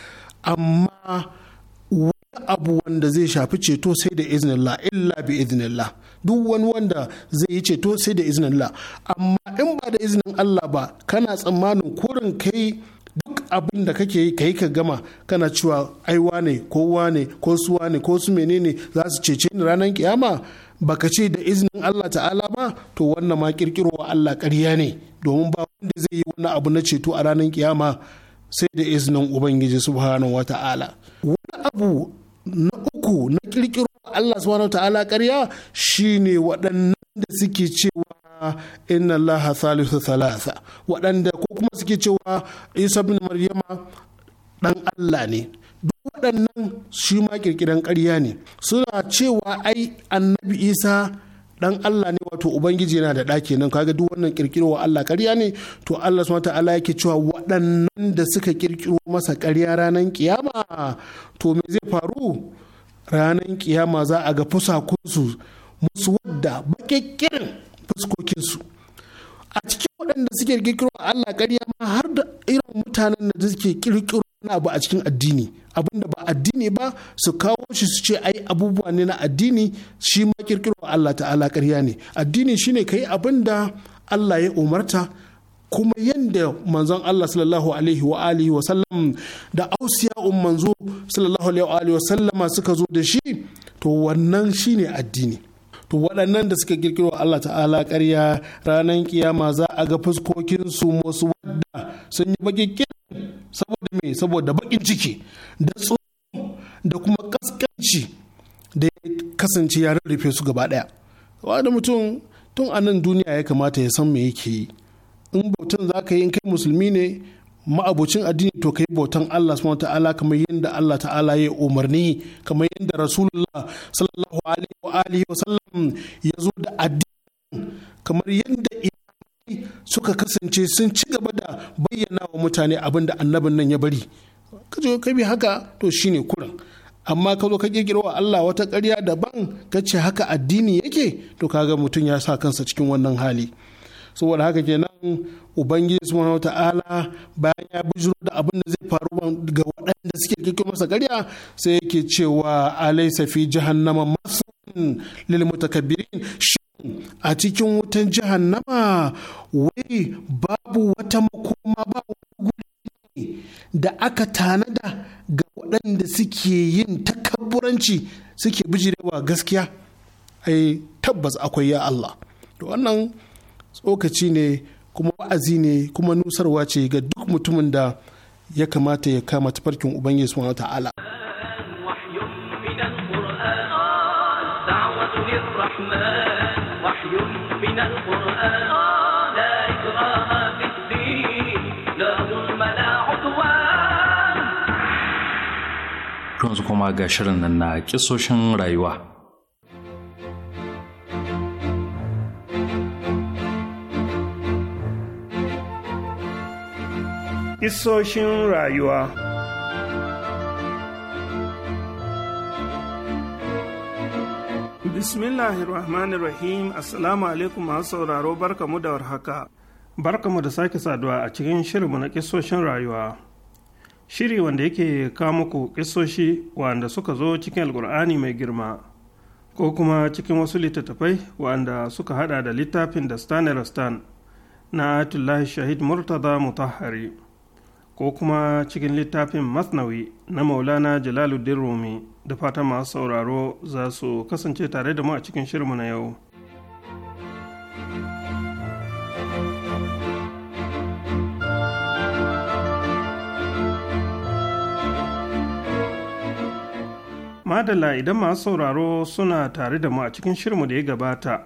amma abu wanda zai shafi ceto sai da iznillah illa bi iznillah duk wani wanda zai yi ceto sai da iznillah amma in ba da iznin Allah ba kana tsammanin kurin kai duk abin da kake yi kai ka gama kana cewa aiwa ne kowa ne ko su ne ko su menene za su cece ni ranar kiyama ka ce da iznin Allah ta'ala ba to wannan ma kirkirowa Allah karya ne domin ba wanda zai yi wani abu na ceto a ranar kiyama sai da iznin ubangiji subhanahu wata'ala wani abu na uku na kirkiro Allah subhanahu ta'ala ƙarya shine waɗannan da suke cewa inna Allah salisu salasa waɗanda ko kuma suke cewa Isa bin Maryama ɗan Allah ne duk waɗannan shi ma kirkiran ƙarya ne suna cewa ai annabi Isa dan Allah ne wato ubangiji yana da ɗaki nan kaga duk wannan kirkiro Allah ƙarya ne to Allah subhanahu ta'ala yake cewa waɗannan da suka kirkiro masa ƙarya ranar kiyama to me zai faru ranar kiyama za a ga fusakunsu musu wadda bakekkirin fuskokinsu a cikin waɗanda suke kirkiro Allah ƙarya ma har da irin mutanen da suke kirkiro na abu a cikin addini abinda ba addini ba su kawo shi su ce ai abubuwa ne na addini shi ma kirkiro Allah ta'ala ƙarya ne addini shine kai abin da Allah ya umarta kuma yadda manzon Allah sallallahu alaihi wa alihi wa sallam da um manzo sallallahu alaihi wa alihi wa sallama suka zo da shi to wannan shine addini to waɗannan da suka kirkiro Allah ta'ala ƙarya ranar kiyama za a ga su masu wadda sun yi baƙi saboda me saboda baƙin ciki da tsoro da kuma kaskanci da ya kasance ya rarrafe su gaba ɗaya wanda mutum tun a nan duniya ya kamata ya san me yake yi in bautan za ka yi in kai musulmi ne ma'abucin addini to kai bautan Allah subhanahu ta'ala kamar yadda Allah ta'ala ya umarni kamar yadda Rasulullah sallallahu alaihi wa alihi wa sallam ya zo da addini kamar yadda imamai suka kasance sun ci gaba da bayyana wa mutane abin da annabin nan ya bari kaje ka bi haka to shine kuran amma ka zo ka kirkiro wa Allah wata ƙarya daban ka ce haka addini yake to kaga mutum ya sa kansa cikin wannan hali saboda haka kenan ubangiji subhanahu ta'ala bayan ya bijiro da abin da zai faru ga waɗanda suke kike masa karya sai yake cewa alaysa fi jahannama masun lil mutakabbirin a cikin wutan jahannama wai babu wata makoma ba da aka tanada ga waɗanda suke yin takabburanci suke bijirewa gaskiya ai tabbas akwai ya Allah to wannan tsokaci ne kuma wa'azi ne kuma nusarwa ce ga duk mutumin da ya kamata ya kama tafarkin ubangiji subhanahu ta'ala yanzu kuma ga shirin nan na kisoshin rayuwa Isoshin rayuwa Bismillahirrahmanirrahim Assalamu alaikum masu sauraro barkamu da warhaka. Barkamu da sake saduwa a cikin shirinmu na kisoshin rayuwa. Shiri wanda yake kawo ku kisoshi wanda suka zo cikin alkur'ani mai girma. ko kuma cikin wasu littattafai wanda suka hada da littafin da Rastan na Atullahi Shahid Murtaza Mutahari ko kuma cikin littafin masnawi na maulana jalaluddin rumi da fata masu sauraro za su kasance tare da mu a cikin shirinmu na yau madala idan masu sauraro suna tare da mu a cikin shirmu da ya gabata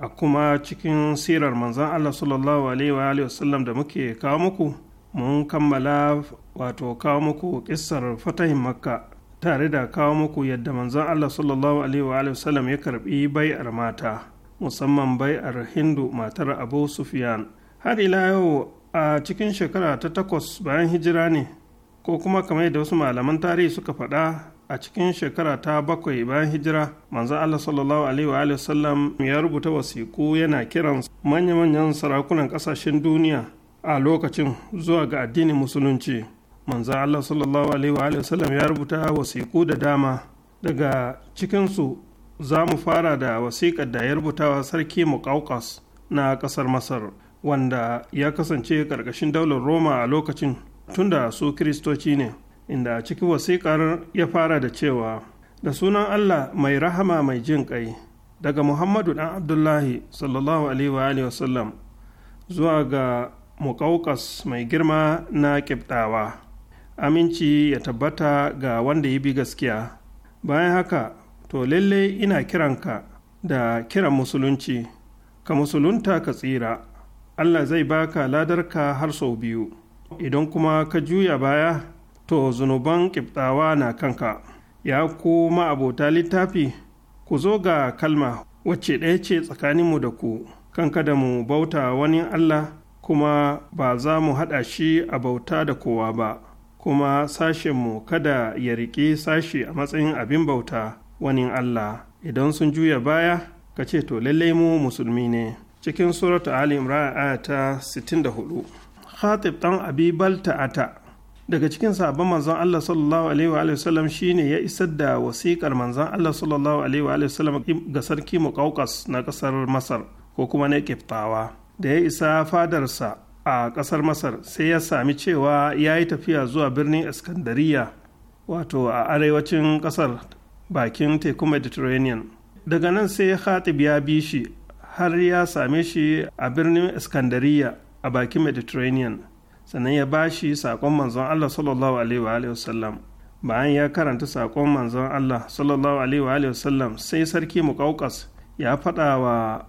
a kuma cikin sirar manzan allah sallallahu alaihi wa da muke kawo muku mun kammala wato kawo muku kissar fatahin makka tare da kawo muku yadda manzon allah sallallahu alaihi wa sallam ya karbi bai'ar mata musamman bai'ar hindu matar abu sufyan har ila yau a cikin shekara ta takwas bayan hijira ne ko kuma kamar yadda wasu malaman tarihi suka faɗa a cikin shekara ta bakwai bayan hijira manzon allah sallallahu alaihi wa sallam ya rubuta wasiku yana kiran manya-manyan sarakunan ƙasashen duniya a lokacin zuwa ga addinin musulunci manzo Allah sallallahu alaihi wa sallam ya rubuta wasiƙu da dama daga cikinsu za mu fara da wasiƙar da ya rubutawa sarki muƙauƙas na ƙasar masar wanda ya kasance ƙarƙashin daular roma a lokacin tunda su kiristoci ne inda cikin wasiƙar ya fara da cewa da sunan allah mai rahama mai jin ƙai daga muhammadu ɗan abdullahi sallallahu alaihi wa sallam zuwa ga ƙauƙas mai girma na ƙibɗawa aminci ya tabbata ga wanda ya bi gaskiya bayan haka to lalle ina kiranka da kiran musulunci ka musulunta ka tsira allah zai baka ladarka har sau biyu idan kuma ka juya baya to zunuban ƙibɗawa na kanka ya ku ma'abota littafi ku zo ga kalma wacce ɗaya ce tsakaninmu da ku kan kada mu bauta wani allah kuma ba za mu haɗa shi a bauta da kowa ba kuma sashenmu kada ya riƙe sashi a matsayin abin bauta wani Allah idan sun juya baya ka ce to lallai mu musulmi ne cikin suratu Ali Imran aya ta 64 Khatib dan Abi Balta'ata daga cikin sabon manzon Allah sallallahu alaihi wa sallam shine ya isar da wasiƙar manzon Allah sallallahu alaihi wa sallam ga sarki Muqawqas na ƙasar Masar ko kuma na Kiftawa da ya isa fadarsa a ƙasar masar sai ya sami cewa ya yi tafiya zuwa birnin iskandariya wato a arewacin ƙasar bakin teku mediterranean daga nan sai khatib ya bi shi har ya same shi a birnin iskandariya a bakin mediterranean sannan ya ba shi saƙon manzon allah sallallahu alaihi wasallam bayan ya karanta saƙon manzon allah sallallahu alaihi wasallam sai sarki muƙauƙas ya faɗa wa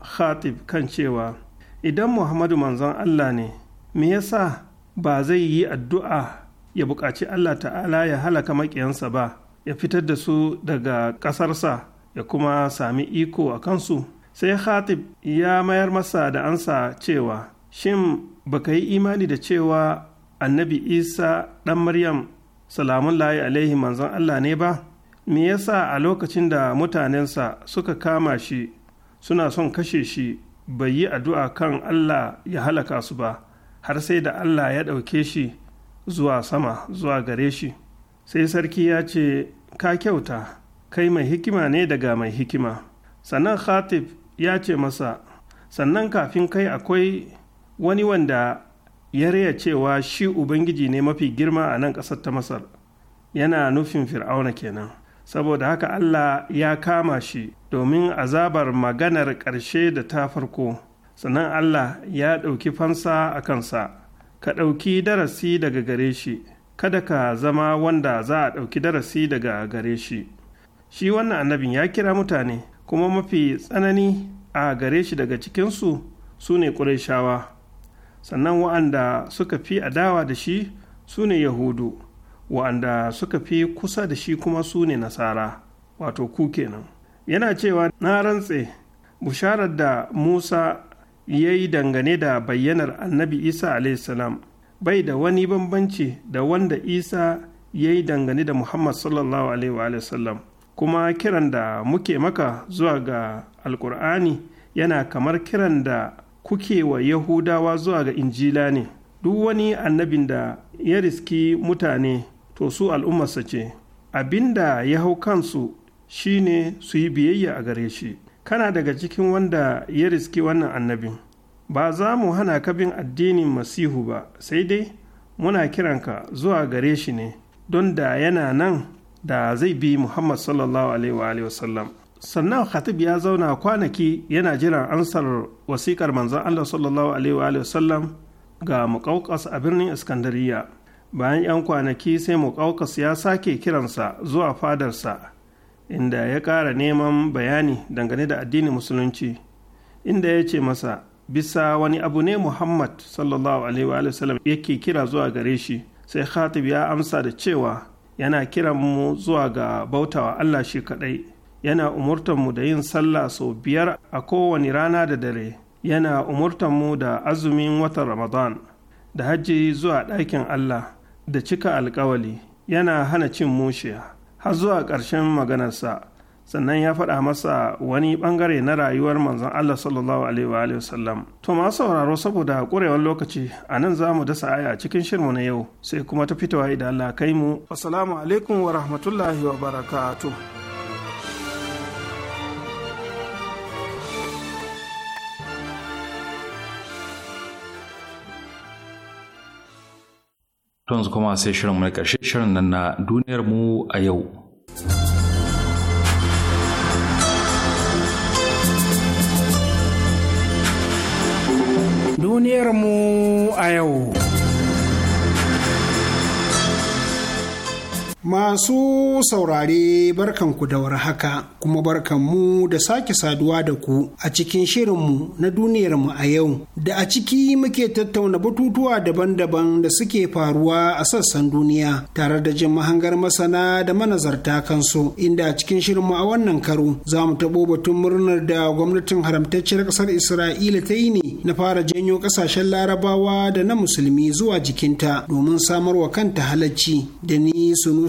khatib kan cewa idan muhammadu manzon allah ne me yasa ba zai yi addu'a ya buƙaci allah ta'ala ya halaka maƙiyansa ba ya fitar da su daga ƙasarsa ya kuma sami iko a kansu sai khatib ya mayar masa da ansa cewa shin baka yi imani da cewa annabi isa ɗan maryam salamun layi alaihi manzon allah ne ba me yasa a lokacin da mutanensa suka kama shi suna son kashe shi bai yi addu'a kan Allah ya halaka su ba har sai da Allah ya ɗauke shi zuwa sama zuwa gare shi sai sarki ya ce ka kyauta kai mai hikima ne daga mai hikima sannan khatib ya ce masa sannan kafin kai akwai wani wanda ya raya cewa shi ubangiji ne mafi girma a nan ƙasar ta masar yana nufin fir'auna kenan saboda haka Allah ya kama shi domin azabar maganar ƙarshe da ta farko sannan Allah ya ɗauki fansa a kansa ka ɗauki darasi daga gare shi kada ka zama wanda za a ɗauki darasi daga gare shi shi wannan annabin ya kira mutane kuma mafi tsanani a gare shi daga cikinsu su ne sannan wa'anda suka fi adawa da shi su ne yahudu wa'anda suka fi kusa da shi kuma su ne nasara wato ku kenan yana cewa na rantse bisharar da musa ya yi dangane da bayyanar annabi isa salam bai da wani bambanci da wanda isa ya yi dangane da muhammad sallallahu alaihi kuma kiran da muke maka zuwa ga alkur'ani yana kamar kiran da kuke wa yahudawa zuwa ga injila ne duk wani annabin da ya riski mutane to su al'ummarsa ce abinda ya hau kansu shine su yi biyayya a gare shi kana daga cikin wanda ya riski wannan annabin ba za mu hana ka bin addinin masihu ba sai dai muna kiranka zuwa gare shi ne don da yana nan da zai bi muhammad sallallahu alaihi wasallam sannan khatib ya zauna kwanaki yana jiran ansar wasikar manzan allah sallallahu alaihi wasallam ga muƙauƙas a birnin iskandariya bayan 'yan kwanaki sai muƙaukas ya sake kiransa zuwa fadarsa inda ya ƙara neman bayani dangane da addinin musulunci inda ya ce masa bisa wani abu ne muhammad sallallahu alaihi wa sallam yake kira zuwa gare shi sai khatib ya amsa da cewa yana kiran mu zuwa ga bautawa allah shi kaɗai yana umurtan mu da yin sallah sau biyar a kowane rana da dare yana umurtan mu da azumin watan ramadan da hajji zuwa ɗakin allah da cika alkawali yana hana cin mushiya har zuwa ƙarshen maganarsa sannan ya faɗa masa wani ɓangare na rayuwar manzon Allah sallallahu alaihi wasallam to ma sauraro saboda ƙurewar lokaci a nan za mu dasa aya a cikin shirmu na yau sai kuma ta fitowa idan Allah kai mu assalamu alaikum wa rahmatullahi wa barakatuh To yanzu kuma sai shirin mai ƙarshe shirin nan na duniyar mu a yau. Duniyar mu a yau. Masu saurare barkanku da haka kuma barkanmu da sake saduwa da ku a cikin shirinmu na duniyarmu a yau da a ciki muke tattauna batutuwa daban-daban da suke faruwa a sassan duniya tare da jin mahangar masana da manazarta kansu inda a cikin shirinmu a wannan karo za mu taɓo batun murnar da gwamnatin haramtacciyar ƙasar Isra'ila ta yi ne na fara janyo ƙasashen larabawa da na musulmi zuwa jikinta domin samarwa kanta halacci da ni sunu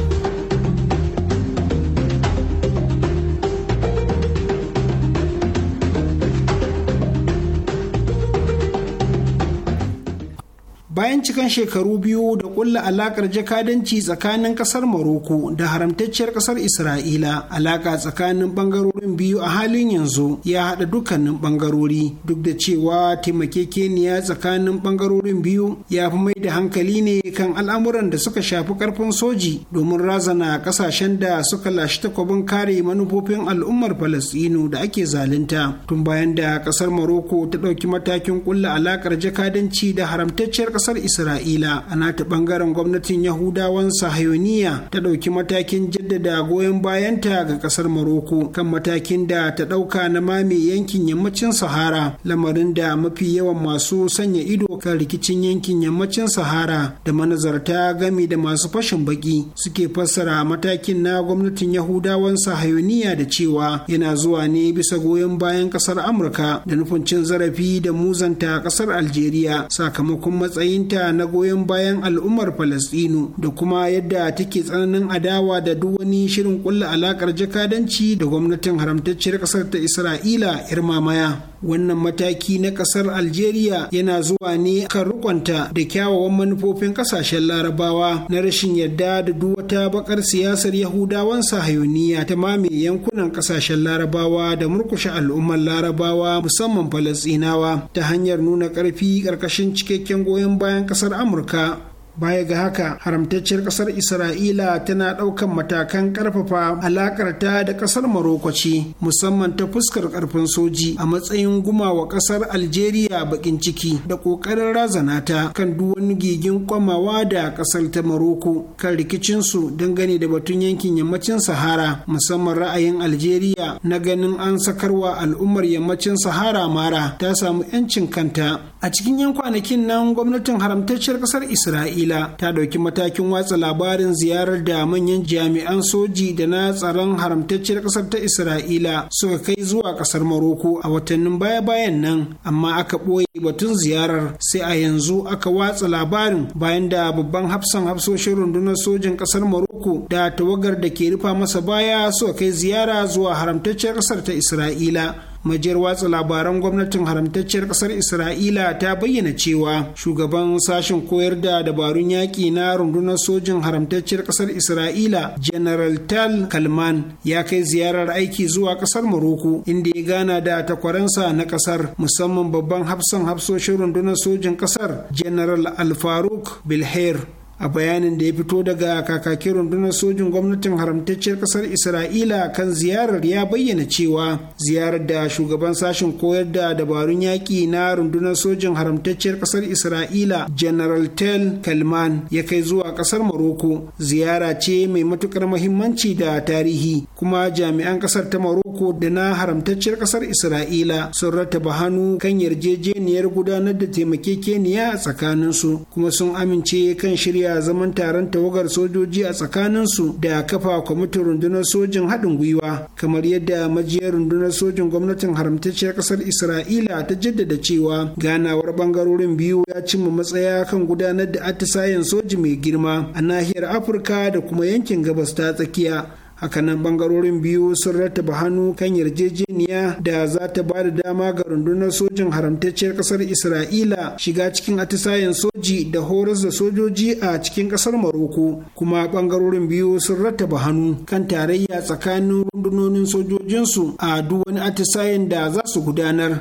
bayan cikan shekaru biyu da kulla alakar jakadanci tsakanin kasar maroko da haramtacciyar kasar isra'ila alaka tsakanin bangarorin biyu a halin yanzu ya haɗa dukkanin bangarori duk da cewa taimakekeniya tsakanin bangarorin biyu ya fi mai da hankali ne kan al'amuran da suka shafi karfin soji domin razana kasashen da suka lashe takwabin kare manufofin al'ummar falastinu da ake zalunta tun bayan da kasar maroko ta ɗauki matakin kulla alakar jakadanci da haramtacciyar kasar isra'ila a nata bangaren gwamnatin yahudawan sahayoniya ta ɗauki matakin jaddada goyon bayanta ga kasar maroko kan matakin da ta ɗauka na mame yankin yammacin sahara lamarin da mafi yawan masu sanya ido kan rikicin yankin yammacin sahara da manazarta gami da masu fashin baki suke fassara matakin na gwamnatin yahudawan sahayoniya da cewa yana zuwa ne bisa goyon bayan kasar amurka da nufin cin zarafi da muzanta kasar algeria sakamakon matsayin matsayinta na goyon bayan al'ummar Falasɗinu da kuma yadda take tsananin adawa da duk wani shirin kulla alakar jakadanci da gwamnatin haramtacciyar ƙasar ta Isra'ila 'yar mamaya. wannan mataki na kasar algeria yana zuwa ne kan rukonta da kyawawan manufofin kasashen larabawa na rashin yarda da duk wata bakar siyasar yahudawan sahayoniya ta mame yankunan kasashen larabawa da murkushe al'ummar larabawa musamman falastinawa ta hanyar nuna ƙarfi ƙarƙashin cikakken goyon bayan kasar amurka baya ga haka haramtacciyar kasar isra'ila tana ɗaukan matakan ƙarfafa alaƙarta da ƙasar maroko ce musamman ta fuskar ƙarfin soji a matsayin gumawa ƙasar algeria baƙin ciki da ƙoƙarin razana ta kan duk wani gigin kwamawa da ƙasar ta maroko kan rikicinsu dangane da batun yankin yammacin sahara musamman ra'ayin algeria na ganin an sakarwa al'ummar yammacin sahara mara ta samu 'yancin kanta a cikin 'yan kwanakin nan gwamnatin haramtacciyar ƙasar isra'ila isra'ila ta ɗauki matakin watsa labarin ziyarar da manyan jami'an soji da na tsaron haramtacciyar ƙasar ta isra'ila suka kai zuwa ƙasar maroko a watannin baya-bayan nan amma aka ɓoye batun ziyarar sai a yanzu aka watsa labarin bayan da babban hafsan hafsoshin rundunar sojin ƙasar maroko da tawagar da ke rufa masa baya suka kai ziyara zuwa haramtacciyar ƙasar ta isra'ila majiyar watsa labaran gwamnatin haramtacciyar kasar isra'ila ta bayyana cewa shugaban sashen koyar da dabarun yaƙi na rundunar sojin haramtacciyar kasar isra'ila general tal kalman ya kai ziyarar aiki zuwa kasar maroko inda ya gana da takwaransa na kasar musamman babban hafsan hafsoshin rundunar sojin kasar general al-faruk bilher a bayanin da ya fito daga kakakin rundunar sojin gwamnatin haramtacciyar kasar isra'ila kan ziyarar ya bayyana cewa ziyarar da shugaban sashen koyar da dabarun yaƙi na rundunar sojin haramtacciyar kasar isra'ila general tel kalman ya kai zuwa kasar maroko ziyara ce mai matukar muhimmanci da tarihi kuma jami'an kasar ta maroko da na haramtacciyar kasar isra'ila sun rattaba hannu kan yarjejeniyar gudanar da taimakekeniya a tsakaninsu kuma sun amince kan shirya ya zaman taron tawagar sojoji a tsakaninsu da kafa kwamitin rundunar sojin haɗin gwiwa kamar yadda majiyar rundunar sojin gwamnatin haramtacciyar ƙasar isra'ila ta jaddada cewa ganawar ɓangarorin biyu ya cimma matsaya kan gudanar da atisayen soji mai girma a nahiyar afirka da kuma yankin gabas ta tsakiya hakanan bangarorin biyu sun rattaba hannu kan yarjejeniya da za ta ba da dama ga rundunar sojin haramtacciyar kasar isra'ila shiga cikin atisayen soji da horas da sojoji a cikin kasar maroko kuma bangarorin biyu sun rattaba hannu kan tarayya tsakanin rundunonin sojojinsu a duk wani atisayen da za su gudanar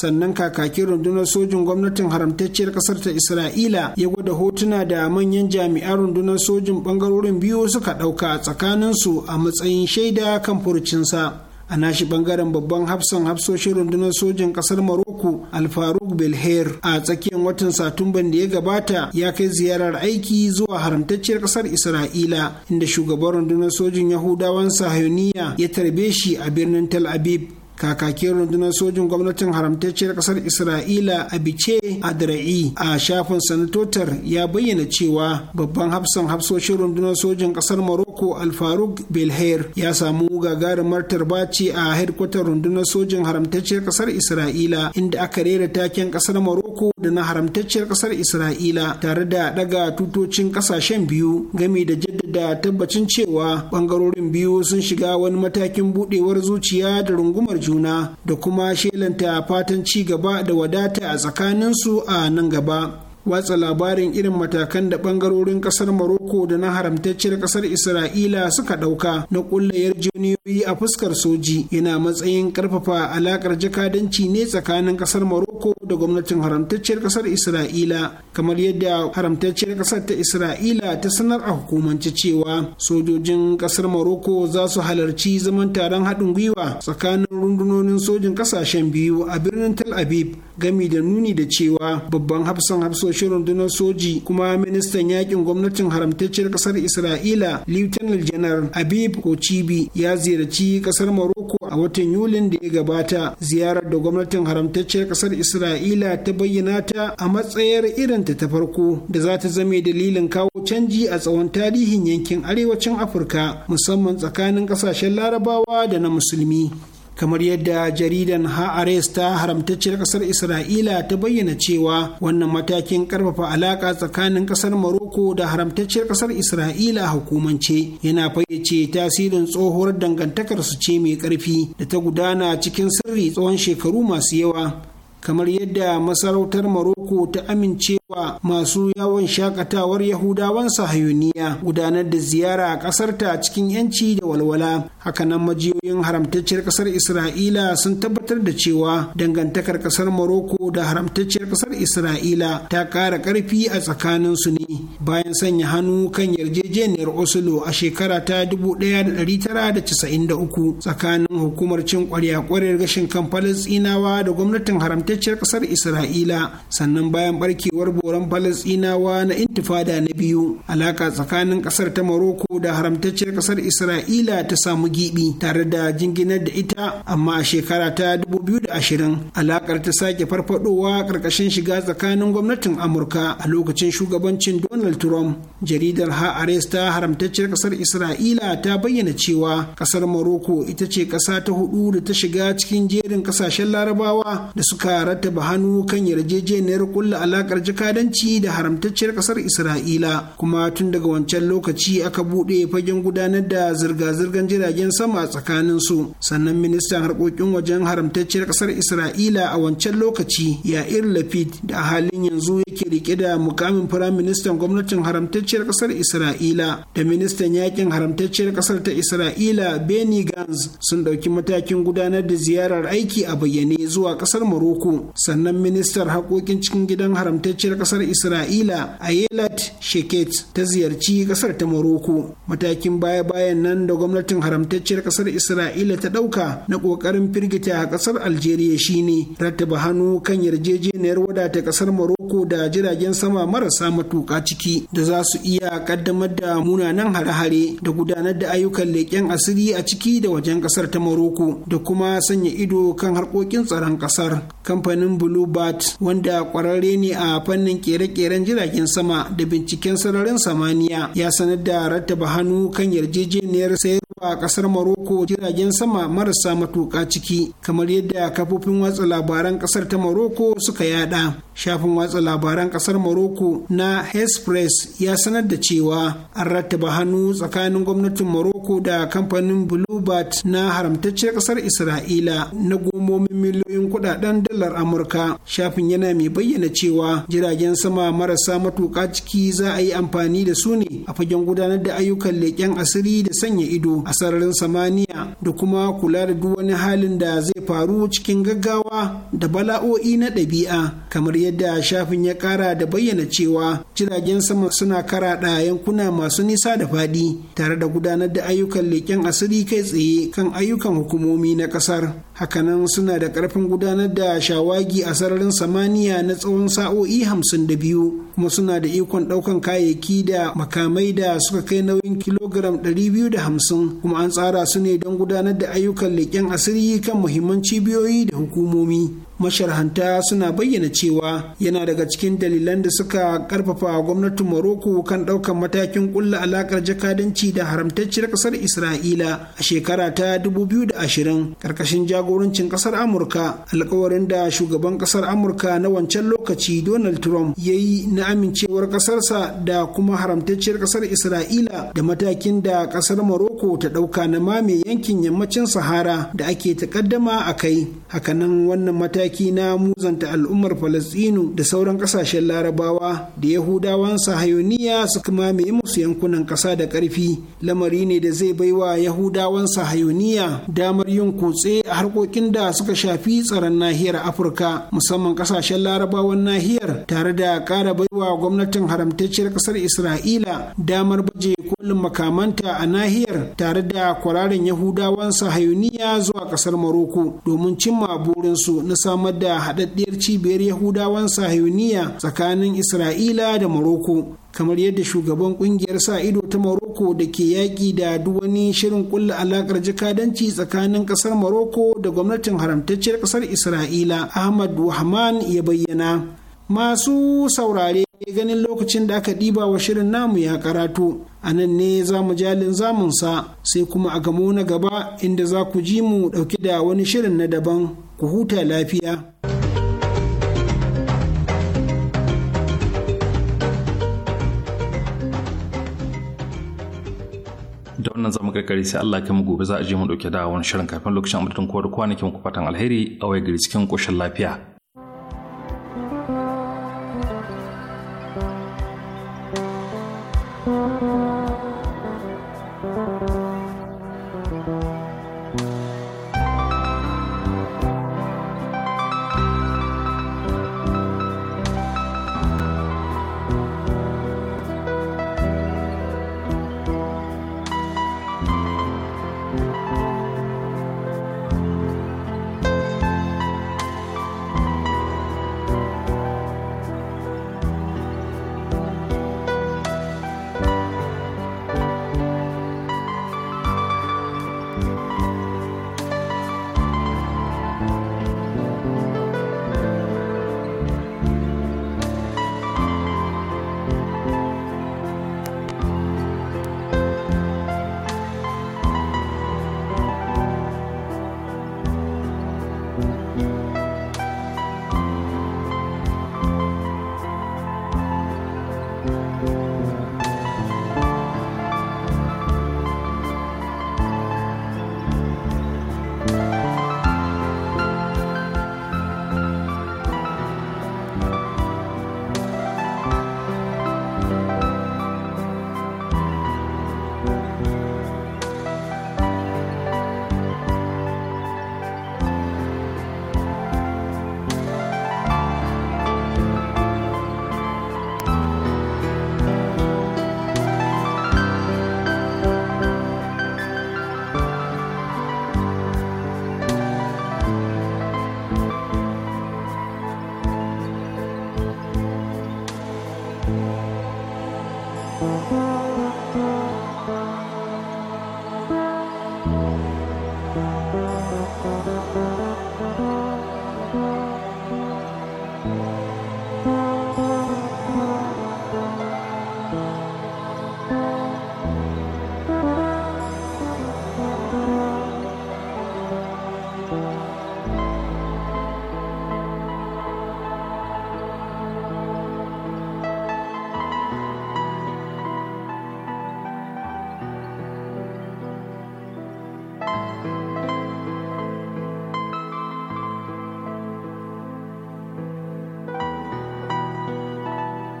sannan kakakin rundunar sojin gwamnatin haramtacciyar kasar ta isra'ila ya gwada hotuna da manyan jami'an rundunar sojin bangarorin biyu suka ɗauka tsakaninsu a matsayin shaida kan furucinsa a nashi bangaren babban hafsan hafsoshin rundunar sojin kasar maroko alfaruk belher a tsakiyar watan satumban da ya gabata ya kai ziyarar aiki zuwa haramtacciyar kasar isra'ila inda shugaban rundunar sojin yahudawan sahiyoniya ya tarbe shi a birnin tel aviv kakakin rundunar sojin gwamnatin haramtacciyar kasar isra'ila a bice a adra'i a shafin sanatotar ya bayyana cewa babban hafsan hafsoshin rundunar sojin kasar morocco alfaruk belher ya samu gagarumar tarbaci a hedkwatar rundunar sojin haramtacciyar kasar isra'ila inda aka rera taken kasar morocco da na haramtacciyar kasar isra'ila tare da daga tutocin kasashen biyu game da jaddada tabbacin cewa bangarorin biyu sun shiga wani matakin budewar zuciya da rungumar juna da kuma shelanta fatan ci gaba da wadata a tsakaninsu a nan gaba watsa labarin irin matakan da bangarorin kasar maroko da na haramtacciyar kasar Isra'ila suka ɗauka na ƙulla yarjejeniyoyi a fuskar soji yana matsayin ƙarfafa alakar jakadanci ne tsakanin kasar maroko da gwamnatin haramtacciyar kasar Isra'ila kamar yadda haramtacciyar kasar ta Isra'ila ta sanar a hukumance cewa sojojin kasar maroko za su halarci zaman taron haɗin gwiwa tsakanin rundunonin sojin kasashen biyu a birnin Tel Aviv gami da nuni da cewa babban hafsan hafsoshin rundunar soji kuma ministan yakin gwamnatin haramtacciyar kasar isra'ila lieutenant janar habib kocibi ya ziyarci kasar morocco a watan yulin da ya gabata ziyarar da gwamnatin haramtacciyar kasar isra'ila ta bayyana ta a matsayar irinta ta farko da za ta zame dalilin kawo canji a tsawon tarihin yankin arewacin afirka musamman tsakanin kasashen larabawa da na musulmi kamar yadda jaridan ha'ares ta haramtacciyar kasar isra'ila ta bayyana cewa wannan matakin karfafa alaka tsakanin kasar maroko da haramtacciyar kasar isra'ila hukumance yana fayyace tasirin tsohuwar dangantakar su ce mai karfi da ta gudana cikin sirri tsawon shekaru masu yawa kamar yadda masarautar Maroko ta amincewa masu yawon shakatawar Yahudawan sahayuniya gudanar da ziyara a ƙasarta cikin 'yanci da walwala. Hakanan majiyoyin haramtacciyar ƙasar Isra'ila sun tabbatar da cewa dangantakar ƙasar Maroko da haramtacciyar ƙasar Isra'ila ta ƙara ƙarfi a tsakanin su ne bayan sanya hannu kan yarjejeniyar Oslo a shekara ta uku, tsakanin hukumar cin ƙwarya-ƙwarar gashin kan Falasɗinawa da gwamnatin haramtacciyar haramtacciyar kasar isra'ila sannan bayan barkewar boran falasɗinawa na intifada na biyu alaka tsakanin kasar ta maroko da haramtacciyar kasar isra'ila ta samu gibi tare da jinginar da ita amma a shekara ta 2020 alakar ta sake farfadowa karkashin shiga tsakanin gwamnatin amurka a lokacin shugabancin donald trump jaridar ha'ares ta haramtacciyar kasar isra'ila ta bayyana cewa kasar maroko ita ce kasa ta hudu da ta shiga cikin jerin kasashen larabawa da suka rattaba hannu kan yarjejeniyar kulla alakar jakadanci da haramtacciyar kasar isra'ila kuma tun daga wancan lokaci aka buɗe fagen gudanar da zirga-zirgar jiragen sama a tsakanin su sannan ministan harkokin wajen haramtacciyar kasar isra'ila a wancan lokaci ya yair lapid da a halin yanzu yake rike da mukamin firaministan gwamnatin haramtacciyar kasar isra'ila da ministan yakin haramtacciyar kasar ta isra'ila benny gantz sun ɗauki matakin gudanar da ziyarar aiki a bayyane zuwa ƙasar morocco uku sannan ministar haƙoƙin cikin gidan haramtacciyar ƙasar isra'ila a yelat sheket ta ziyarci ƙasar ta morocco matakin baya-bayan nan da gwamnatin haramtacciyar ƙasar isra'ila ta ɗauka na ƙoƙarin firgita a ƙasar algeria shine rattaba hannu kan yarjejeniyar wadata ƙasar morocco da jiragen sama marasa matuƙa ciki da za su iya ƙaddamar da munanan hare-hare da gudanar da ayyukan leƙen asiri a ciki da wajen ƙasar ta morocco da kuma sanya ido kan harkokin tsaron ƙasar kamfanin bluebird wanda kwararre ne a fannin kere-keren jiragen sama da binciken sararin samaniya ya sanar da rattaba hannu kan yarjejeniyar sayar a kasar Maroko jiragen sama marasa matuƙa ciki kamar yadda kafofin watsa labaran kasar ta Maroko suka yada. Shafin watsa labaran kasar Maroko na Hespress ya sanar da cewa an rattaba hannu tsakanin gwamnatin Maroko da kamfanin Bluebird na haramtacciyar kasar Isra'ila na gomomin miliyoyin kudaden dalar Amurka. Shafin yana mai bayyana cewa jiragen sama marasa matuƙa ciki za a yi amfani da su ne a fagen gudanar da ayyukan leƙen asiri da sanya ido a sararin samaniya da kuma kula da duk wani halin da zai faru cikin gaggawa da bala'o'i na ɗabi'a kamar yadda shafin ya ƙara da bayyana cewa jiragen sama suna karaɗa yankuna masu nisa da faɗi tare da gudanar da ayyukan leƙen asiri kai tsaye kan ayyukan hukumomi na ƙasar hakanan suna da ƙarfin gudanar da shawagi a sararin samaniya na tsawon sa'o'i hamsin da biyu kuma suna da ikon ɗaukan kayayyaki da makamai da suka kai nauyin kilogram 250 kuma an tsara su ne don gudanar da ayyukan leƙen asiri kan muhimman cibiyoyi da hukumomi masharhanta suna bayyana cewa yana daga cikin dalilan da suka karfafa gwamnatin Morocco kan daukan matakin ƙulla alakar jakadanci da haramtacciyar ƙasar Isra'ila a shekara ta 2020 karkashin jagorancin ƙasar Amurka alkawarin da shugaban ƙasar Amurka na wancan lokaci Donald Trump ya yi na amincewar ƙasarsa da kuma haramtacciyar ƙasar Isra'ila da matakin da ƙasar Morocco ta ɗauka na mame yankin yammacin Sahara da ake takaddama a kai. hakanan wannan mataki na muzanta al'ummar falastinu da sauran kasashen larabawa da yahudawan sahayoniya suka mamaye musu yankunan ƙasa da ƙarfi lamari ne da zai baiwa yahudawan sahayoniya damar yin kutse a harkokin da suka shafi tsaron nahiyar afirka musamman ƙasashen larabawan nahiyar tare da ƙara baiwa gwamnatin haramtacciyar ƙasar isra'ila damar baje kolin makamanta a nahiyar tare da kwararin yahudawan sahayoniya zuwa ƙasar maroko domin cin cimma burinsu na samar da haɗaɗɗiyar cibiyar yahudawan sahiyuniya tsakanin isra'ila da maroko kamar yadda shugaban kungiyar sa ido ta Maroko da ke yaƙi da duk wani shirin kulla alakar jakadanci tsakanin ƙasar Maroko da gwamnatin haramtacciyar ƙasar Isra'ila Ahmad Wahman ya bayyana. Masu saurare ganin lokacin da aka ɗiba wa shirin namu ya karatu a nan ne za mu jalin zamunsa sai kuma a gamo na gaba inda za ku ji mu ɗauki da wani shirin na daban ku huta lafiya. da wannan zamu karkare sai Allah kai mu gobe za a je mu dauke da wani shirin kafin lokacin amudin kowar kwanakin ku alheri a waya gari cikin koshin lafiya